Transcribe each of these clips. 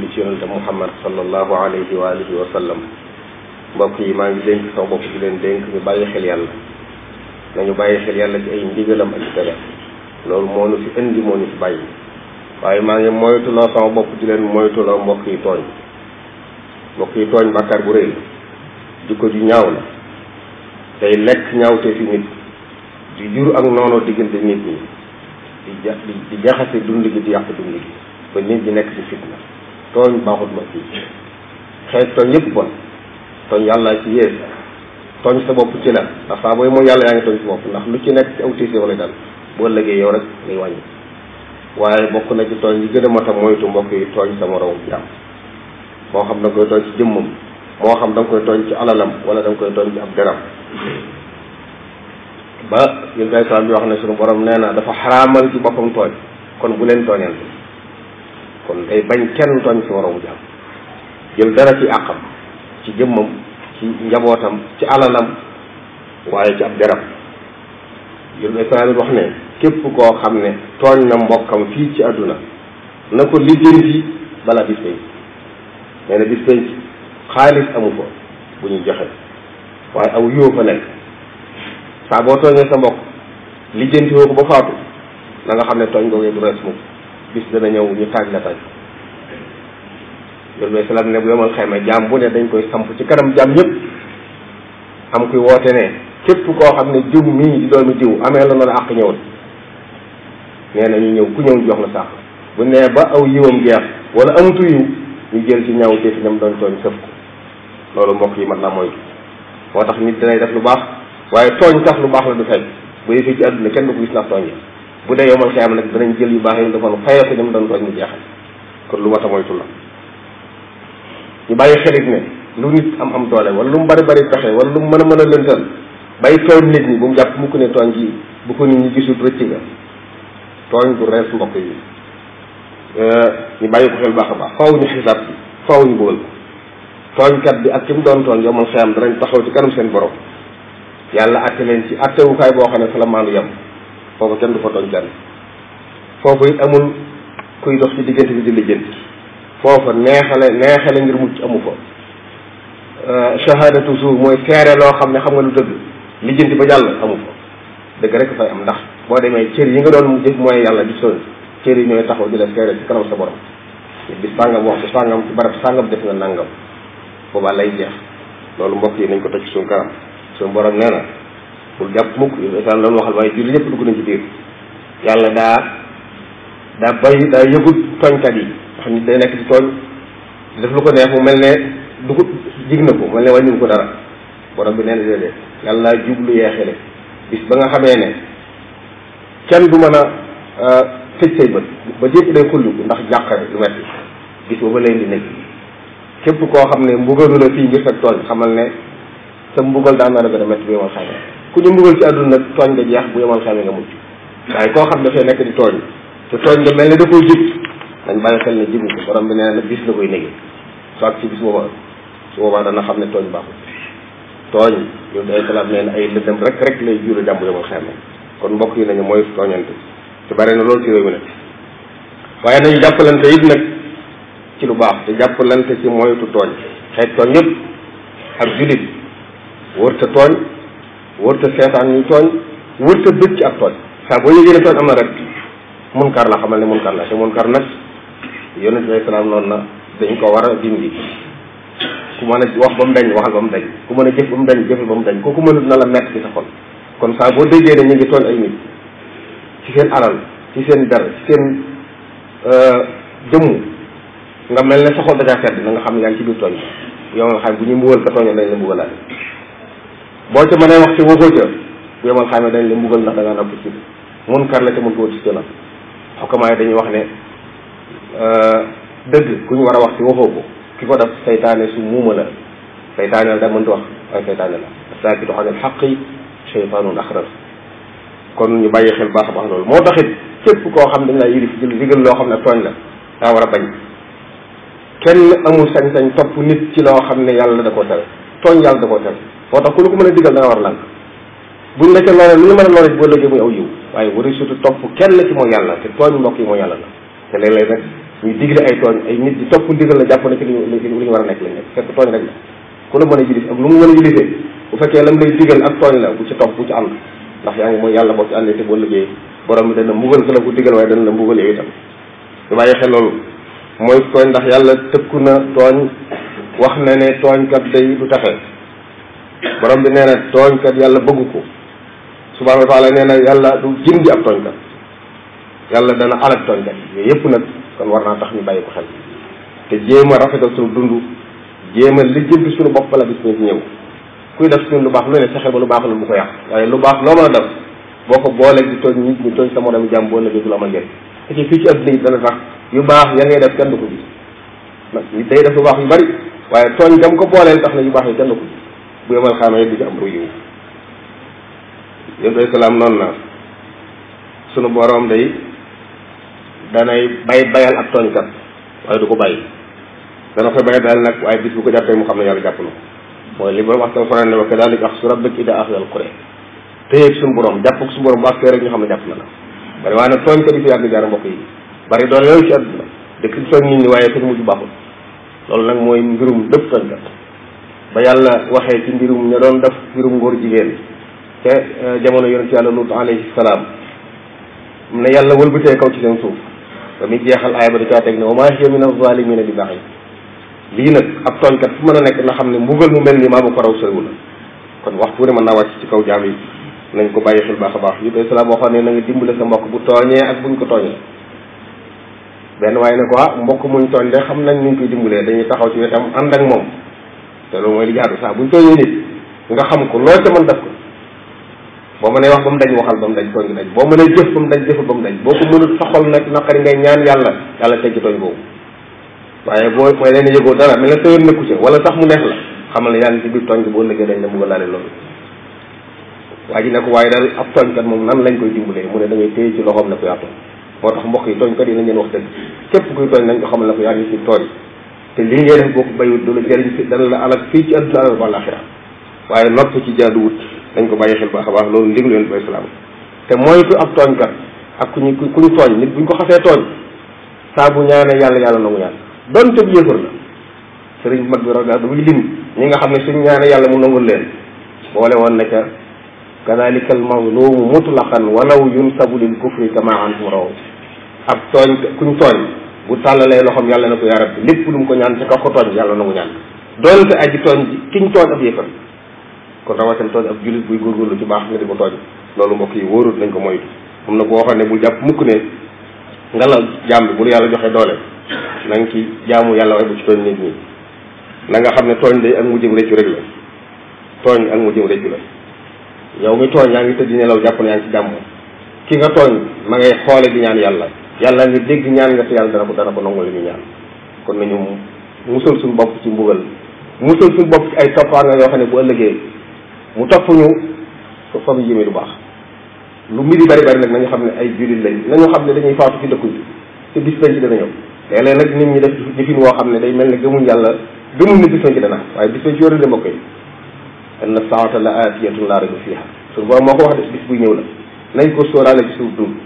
li ci yonente muhammad sallallahu alayhi wa alihi wa sallam mbokk yi maa ngi dénk sama bopp di leen dénk ñu bàyyi xel yàlla nañu bàyyi xel yàlla ci ay ndigalam ak tere loolu moo nu fi indi moo nu fi bàyyi waaye maa ngi moytuloo sama bopp di leen moytuloo mbokk yi tooñ mbokk yi tooñ bàkkaar bu rëy la jikko ju ñaaw la day lekk ñaawte fi nit di jur ak noonoo diggante nit ñi di ja di jaxase dund gi di yàq dund gi ba nit ñi nekk ci fitna tooñ baaxut ma ci xeet tooñ yëpp bon tooñ yàlla ci yées tooñ sa bopp ci la ndax saa booy mooy yàlla yaa ngi tooñ sa bopp ndax lu ci nekk ci aw tiis yow lay dal boo lëggee yow rek lay wàññi waaye bokk na ci tooñ yi gën a mat a moytu mbokk yi tooñ sa moroom jaam moo xam na nga koy tooñ ci jëmmam moo xam da koy tooñ ci alalam wala da koy tooñ ci ab deram ba yéen bi wax ne sunu borom nee naa dafa xaraamal ci boppam tooñ kon bu leen tooñante kon day bañ kenn tooñ ci waroomu jàmm jël dara ci àqam ci jëmmam ci njabootam ci alalam waaye ci ab deram jul israil wax ne képp koo xam ne tooñ na mbokkam fii ci àdduna na ko lijjanti balaa bis penc nee na bis xaalis amu bu ñuy joxe waaye aw yoo fa nekk saa boo tooñee sa mbokk lijjanti woo ko ba faatu na nga xam ne tooñ googu du rees bis dana ñëw ñu taaj la tàj loolu mooy salaam ne bu yomal xayma jaam dañ koy samp ci kanam jaam yëpp am kuy woote ne képp koo xam ne diw mii di doomi diw amee la noonu àq ñëwul nee na ñu ñëw ku ñëw jox la sax bu nee ba aw yiwam jeex wala amatu yiw ñu jël ci ñaaw jëf ñam doon tooñ sëf ko loolu mbokk yi mat naa mooy moo tax nit danay def lu baax waaye tooñ tax lu baax la du fekk bu yëfee ci àdduna kenn du ko gis ndax tooñ yi bu dee yomal xiyaam nag danañ jël yu baax yi ñu defoon fayee ko ñoom doon ko ak ñu jeexal kon lu ma a moytu la ñu bàyyi xelit ne lu nit am am doole wala lu mu bari bari pexe wala lu mu mën a mën a lëntal bàyyi tooñ nit ñi bu mu jàpp mukk ne tooñ gi bu ko nit ñi gisul rëcc nga tooñ du rees mbokk yi euh, ñu bàyyi ko xel baax a baax faaw ñu xisaab bi faaw ñu bëggal tooñkat bi ak ki mu doon tooñ yomal xiyaam danañ taxaw ci kanam seen borom yàlla atte leen ci attewukaay boo xam ne fa la yem foofu kenn du fa tooñ kenn foofu it amul kuy dox ci diggante bi di lijjanti foofa neexale neexale ngir mucc amu fa euh, shahadatu suuf mooy seere loo xam ne xam nga lu dëgg lijjanti ba jàll amu fa dëgg rek fay am ndax boo demee cër yi nga doon jëf mooy yàlla di sol cër yi ñooy taxaw di la seere ci kanam sa borom bi sàngam wax bi sàngam ci barab sàngam def nga nangam boobaa lay jeex loolu mbokk yi nañ ko toj suñu kanam suñu borom nee na pour jàpp mukk yéen islam loolu waxal waaye julli ñëpp dugg nañ ci biir yàlla daa daa bàyyi daa yëgut tooñkat yi xam nekk ci tooñ di def lu ko neex mu mel ne dugub jig na ko mel ne wàññiwul ko dara borom bi nee na déedéet yàlla daa jublu yeexele bis ba nga xamee ne kenn du mën a euh, tëj say bët ba jëpp day xulliku ndax jàqare lu metti bis booba leen di nekk képp koo xam ne mbugalu la fii ngir fekk tooñ xamal mbugal daan na la gën a metti bi ma xamee ku ñu mbugal ci àdduna nag tooñ nga jeex bu yemal xamee nga mujj waaye koo xam ne dafay nekk di tooñ te tooñ nga mel ni da koy jib dañ bàyyi xel ne jibu ko borom bi nee na bis la koy nége soo bis booba su boobaa dana xam ne tooñ baaxul tooñ yow day xalaat nee rek rek lay juru jàmm bu yemal kon mbokk yi nañu mooy tooñante te bare na loolu ci réew mi nag waaye nañu jàppalante it nag ci lu baax te jàppalante ci moytu tooñ xeet tooñ yëpp ak julit wërta tooñ wërta seetaan ñu tooñ wërta bëgg ci ak tooñ saa boo yëgee ne tooñ am na rek munkar la xamal ne munkar la te munkar nag yonent bi salaam noonu na dañ ko war a dindi ku mën a wax ba dañ waxal ba mu dañ ku mën a jëf ba dañ jëfal ba mu na la mett ci kon saa boo déggee ñu ngi ay nit ci alal ci seen der ci seen euh, jëmm nga na nga xam ne yaa ngi ci biir tooñ ñu mbugal ka tooñoon la mbugalaat boo ca manee wax ci waxoo ca bu yemal xaamee dañ la mbugal ndax da ngaa nopp ci mun kar la ca mun ko ci dañuy wax ne euh, dëgg ku ñu war a wax ci ko ki ko def saytaane su muuma la saytaane la da mënta wax waaye saytaane la saakitu anil xaqi cheytaanun axrar kon ñu bàyyi xel baax a loolu moo taxit képp koo xam dañ laa yilif jël digal xam ne tooñ la daa war a bañ kenn amul sañ-sañ nit ci loo xam ne yàlla da koo tere tooñ yàlla da koo tere moo tax ku lu ko mën a digal da nga war lànk buñ la lu ñu mën a loolee boo léegi muy aw yiw waaye wari surtout topp kenn ci mooy yàlla te tooñ mbokk yi mooy la nit di topp ndigal la jàpp na ci li ñu war a nekk lañ nekk la ku la mën a jilif ak lu mu mën bu ndax yaa te boo bàyyi xel loolu mooy tooñ ndax yàlla tëkku na tooñ wax na ne tooñkat day du taxee borom bi nee na tooñkat yàlla bëggu ko subhaanahu wa taala nee na yàlla du gindi ab tooñkat yàlla dana alal tooñkat yooyu yëpp nag kon war naa tax ñu bàyyi ko xel te jéem a rafetal suñu dund jéem li lijjanti suñu bopp la bis ñu ci ñëw kuy def suñu lu baax lu ne fexe ba lu baax la mu ko yàq waaye lu baax loo mën a def boo ko booleeg di tooñ nit ñi tooñ sa moromu jàmm boo léegi du la ma njëriñ te ci fii ci adduna yi dana tax yu baax ya ngay def kenn du ko gis nag day def lu baax yu bari waaye tooñ gam ko booleel tax na yu baax yi kenn bu yomal xaamee du ci am aw yiw yow day salaam noonu na sunu boroom day danay bay bayal ab tooñkat waaye du ko bàyyi dana koy bayal daal nag waaye bis bu ko jàppee mu xam ne yàlla jàpp na mooy li borom wax alxuraan ne wa kadaalika axzu rabbika idaa axzal quraa téyeeg suñu borom jàpp suñu borom bu àgsee rek ñu xam ne jàpp na la bari waaye nag tooñkat yi fi yàgg jaar yi bari doole yooyu ci àdduna dëkk soñ nit ñi waaye loolu nag mooy mbirum dëpp ba yàlla waxee ci mbirum ña doon def mbirum ngóor jigéen te eh, jamono ci yàlla lut alayhi salaam ne yàlla wëlbatee kaw ci seen suuf ba muy jeexal aaya ba da caa teg ne wa maa hiya min az-zaalimiina bi ba'iid lii nag ab tooñkat fu mën a nekk na xam ne mbugal mu mel ni maa ma ko raw soriwul kon waxtu ne mën naa wàcc ci kaw jaam yi nañ ko bàyyi xel baax a baax yóbbee salaam waxoon ne na nga dimbale sa mbokk bu tooñee ak buñ ko tooñee benn waaye ne ko ah mbokk muñ tooñ de xam nañ nuñ koy dimbalee dañuy taxaw ci wetam ànd ak moom te loolu mooy li jaadu saa buñ tooñee nit nga xam ko loo ca mën def ko boo mënee wax ba mu dañ waxal ba mu dañ tooñ ko dañ boo mënee jëf ba mu dañ jëfal ba mu dañ boo ko mënul soxal nag naqari ngay ñaan yàlla yàlla teggi tooñ boobu waaye boo mooy leen yëgoo dara mel ne sa yoon nekku ca wala sax mu neex la xamal ne yaa ngi ci biir tooñ boo lëggee dañ la bëgg laale loolu waa ji ne ko waaye daal ab tooñkat moom nan lañ koy dimbalee mu ne da ngay téye ci loxoom ne ko yaa tooñ moo tax mbokk yi tooñkat yi nañ leen wax dëgg képp kuy tooñ nañ ko xamal ne ko yaa ngi ci tooñ te li ngay def boo ko bayiwut du la jëriñ fi dana la alal fii ci adduna alal wàllaaxira waaye nopp ci jaaduwut dañ ko bàyyi xel baax a baax loolu ndiglu leen bay salaam te moytu ak tooñkat ak ku ñu ku ñu tooñ nit buñ ko xasee tooñ saa bu ñaanee yàlla yàlla nangu ñaan donte bu yëfër la sëriñ mag bi ragal ba muy lim ñi nga xam ne suñ ñaanee yàlla mu nangul leen boole woon na ca kadalika al mazlumu mutlaqan walaw yunsabu lil kufri kama antum raw ab tooñ bu tàllalee loxoom yàlla na ko yaa rabbi lépp lu mu ko ñaan ci kaw ko tooñ yàlla na mu ñaan doonte aji tooñ ji kiñ tooñ ab yëfam kon rawatina tooñ ab jullit buy góorgóorlu baax nga di tooñ loolu mbokk yi wóorut nañ ko moytu am na koo xam ne jàpp mukk ne nga la jaam yàlla joxe doole na nga ci jaamu yàlla waaye bu ci tooñ nit nga xam ne tooñ day ak mu jëm réccu rek la tooñ ak mu jëm réccu la yow mi tooñ yaa ngi tëdd nelaw jàpp ne yaa ngi ci jàmm ki nga tooñ ma ngay xoole di ñaan yàlla yàlla nga dégg ñaan nga te yàlla dana ko dana ko nangu li ñu ñaan kon nañu musal suñu bopp ci mbugal musal suñu bopp ci ay toppaan nga yoo xam ne bu ëllëgee mu topp ñu fa mu jëmee lu baax lu mbir yi bari bari nag nañu xam ne ay jullit lañ nañu xam ne dañuy faatu ci dëkku bi te bis bañ ci dana ñëw léeg nag nit ñi def jëfin woo xam ne day mel ne gëmuñ yàlla gëmuñ ne bis bañ ci dana waaye bis bañ ci yore la mbokk yi la aatiyatun laa rayba fiiha suñu borom moo ko wax de bis buy ñëw la nañ ko sóoraale ci suuf dund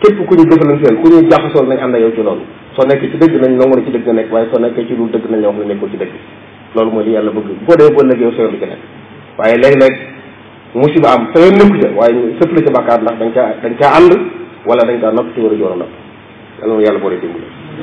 képp ku ñu jëfalanteel ku ñu jaxasool nañ ànd ak yow ci loolu soo nekkee ci dëgg nañ nangu na ci dëgg nga nekk waaye soo nekkee ci lu dëgg nañ la wax ne ci dëgg loolu mooy li yàlla bëgg boo dee boo léegi yow sa yoon du ci waaye léeg-léeg musiba am sa yoon nekku ca waaye ñu sëpp la ca bàkkaar ndax dañ caa dañ caa ànd wala dañ kaa nopp ci war a joor a nopp yàlla yàlla boo dee dimbali